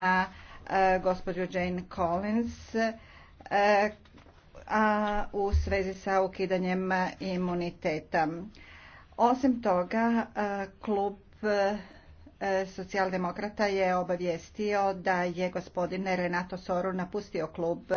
na e, gospođu Jane Collins e, a u svezi sa ukidanjem imuniteta. Osim toga, e, klub socijaldemokrata je obavijestio da je gospodin Renato Soru napustio klub